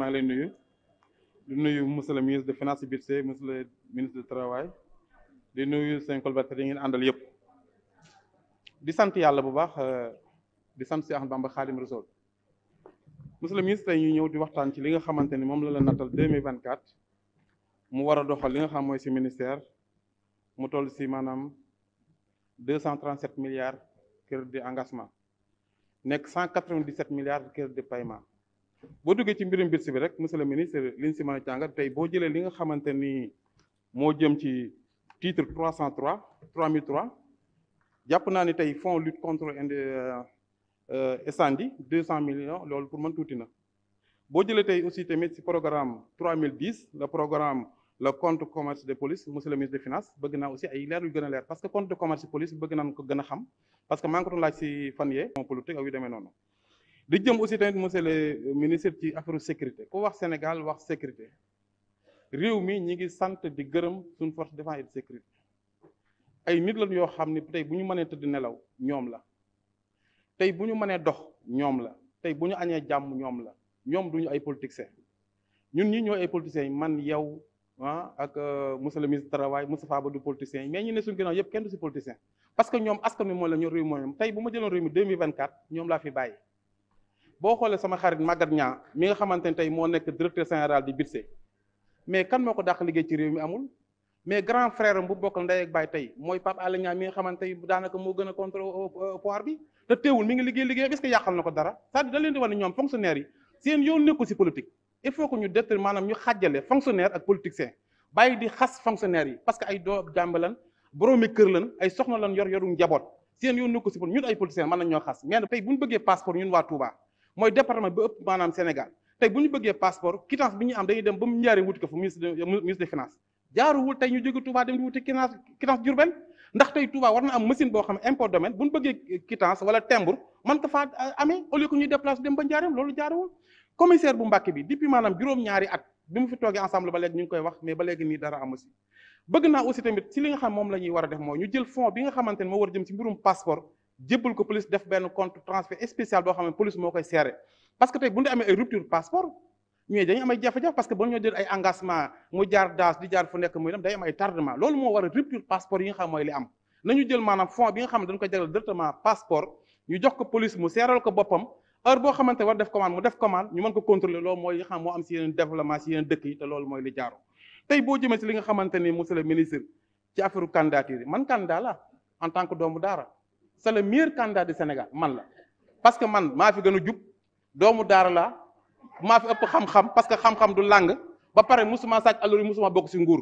maa ngi lay nuyu di nuyu monsieur le ministre de finance budget budget monsieur le ministre du travail di nuyu seen collaborateurs yi ngeen àndal yëpp. di sant yàlla bu baax euh, di sant si Ahmadu Bamba Xaadim Rasuul monsieur le ministre tey ñu ñëw di waxtaan ci li nga xamante ni moom la la nattal deux mille vingt quatre mu war a doxal li nga xam mooy si ministère mu toll si maanaam deux cent trente sept milliards crédit engagement nekk cent quatre vingt dix sept milliards crédit de paiement. boo duggee ci mbirum BITS bi rek monsieur le ministre li ñu si mën a jàngat tey boo jëlee li nga xamante moo jëm ci titre 303 3003 jàpp naa ni tey fonds lutte contre euh, incendie 200 millions loolu pour man tuuti na. boo jëlee tey aussi tamit si programme 3010 le programme le compte commerce de police monsieur ministre des finances bëgg naa aussi ay leer yu gën a leer parce que compte de commerce police bëgg naan a xam parce que maa ngi ko di jëm aussi tamit monsieur le ministre ci affaire sécurité ku wax Sénégal wax sécurité réew mi ñi ngi sant di gërëm suñu force de défense et sécurité ay nit lañ yoo xam ni tey bu ñu manee tëdd nelaw ñoom la tey bu ñu mënee dox ñoom la tey bu ñu añee jàmm ñoom la ñoom duñu ay politiciens ñun ñi ñoo ay politiciens yi man yow ah ak euh, monsieur le du politicien mais ñu ne suñu yëpp kenn du si politicien parce que ñoom askan wi mooy la ñu réew fi bàyyi boo xoolee sama xarit Maguette Niang mi nga xamante ne tey moo nekk directeur général di Birse mais kan moo ko dàq liggéey ci réew mi amul mais grand frère bu bokkal ndey ak baay tey mooy Pape Alé Niang daanaka moo gën a contre pouvoir bi te teewul mi ko dara c'est-à-dire da leen di wax ne ñoom que ñu déter maanaam ñu xàjjale fonctionnaire ak politicien bàyyi di passeport ñun waa Touba mooy département bi ëpp maanaam Sénégal tey bu ñu bëggee passeport quittance bi ñu am dañuy dem ba mu njaari wuti ko fa ministre ministre des finances jaaruwul tey ñu jóge Touba dem war na am machine boo xam ne impôt domaine bu ñu bëggee quittance wala timbre man ko faa amee au lieu que ñuy déplacer dem bi depuis maanaam juróom-ñaari at bi fi toogee ensemble ñu ngi koy wax mais ba léegi nii dara am aussi bëgg naa li nga xam moom la war a def mooy ñu jël fond bi nga xamante ne moo war a jëm si mbirum passeport jébbal ko police def benn compte transfert spécial boo xam ne police moo koy seere parce que tey bu nekk am ay a rupture passeport yi nga xam mooy li am nañu xam ne dañu koy jagleel directement passeport ñu jox ko police mu seeral ko boppam heure boo xamante war def commande mu def commande ñu mën ko contrôler loolu mooy li xam moo am jaaru tey boo jëmee si li nga xamante ni monsieur le ministre ci affaire candidature yi man candidat en tant que doomu daara c'est le meilleur candidat du Sénégal man la parce que man maa fi gën a jub doomu daara laa maa fi ëpp xam-xam parce que xam-xam du làng ba pare musuma sàcc alori musuma bokk ci nguur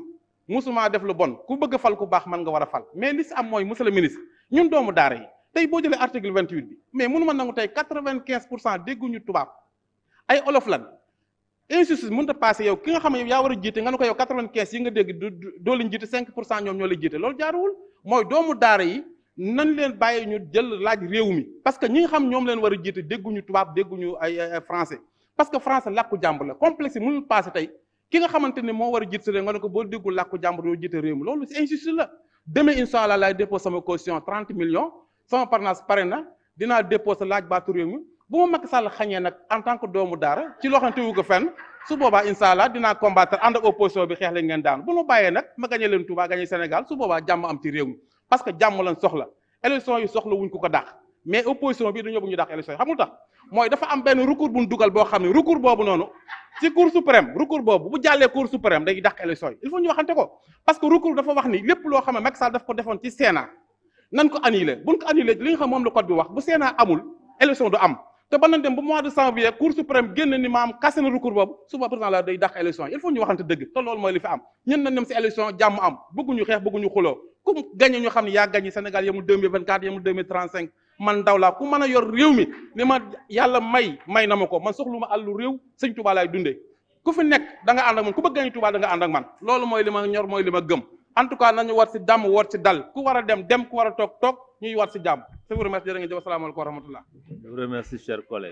musuma def lu bon ku bëgg a fal ku baax man nga war a fal mais li ci am mooy monsieur le ministre ñun doomu daara yi tey boo jëlee article 28 bi mais mënu ma nangu tey 95 pour cent dégguñu tubaab ay olof lan injustice mënut a passé yow ki nga xam ne yaa war a jiite nga ne ko yow 95 yi nga dégg doo jiite mooy doomu daara yi nan leen bàyyi ñu jël laaj réew mi parce que ñi nga xam ñoom leen war a jiite dégguñu tubaab dégguñu ay français parce que français làkku jàmbur la complexe yi mënul passé tey ki nga xamante ne moo war a jiite sa réew nga ko boo déggul làkku jàmbur doo réew mi loolu c'est injuste la demain incha allah laay dépose sama caution 30 millions sama parrainage pare na dinaa dépose laaj baatu réew mi bu ma Macky Sall xañee nag en tant que doomu daara ci loxo xam ne su boobaa incha allah dinaa combattre ànd ak opposition bi xeex lañ ngeen daan bu ma bàyyee nag ma boobaa jàmm am ci réew parce que jàmm lan soxla élection yi soxla wuñ ko ko dàq mais opposition bi dañoo bëgg ñu dàq élection yi xamul tax mooy dafa am benn recours bu ñu boo xam ne recours boobu noonu ci cour suprême recours boobu bu jàllee cour suprême day dàq élection yi il faut ñu waxante ko parce que recours dafa wax ni lépp loo xam ne Macky Sall ko defoon ci seena nan ko annulé buñ ko annulé li nga xam moom la code bi wax bu Sénat amul élection du am te ba nañ dem ba mois de janvier cour suprême génn ni maam cassé na recours boobu suba président la day dàq élection il faut ñu waxante dëgg te loolu mooy li fi am ñun nañ dem si élection jàmm am bëgguñu xeex bëgguñu xuloo ku gagné ñu xam ne yaa gagné Sénégal yemul 2024 yemul 2035 man ndaw ku mën a yor réew mi ni ma yàlla may may na ma ko man soxlu ma àllu réew sëñ Touba laay dundee ku fi nekk da nga ànd ak man ku bëgg mooy li ma ñor mooy li ma gëm en tout cas nañu war si dàmm war si dal ku war a dem dem ku war a toog toog ñuy war si jàmm je vous remercie jërë ngeen jëf asalaamaaleykum wa rahmatullah je vous remercie cher collègue